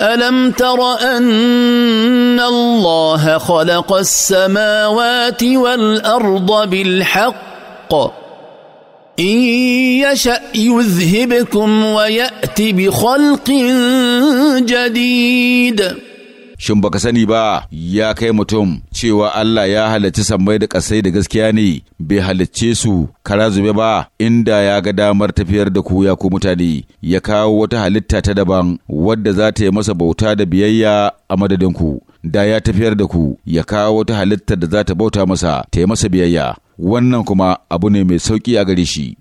الم تر ان الله خلق السماوات والارض بالحق ان يشا يذهبكم ويات بخلق جديد shin baka sani ba ya kai mutum cewa Allah ya halarci sammai da ƙasai da gaskiya ne bai halarce su kara zube ba inda ya ga damar tafiyar da ku ya ku mutane ya kawo wata halitta ta daban wadda za ta yi masa bauta da biyayya a madadin ku da ya tafiyar da ku ya kawo wata halitta da za ta bauta masa ta yi masa biyayya wannan kuma abu ne mai sauki a gare shi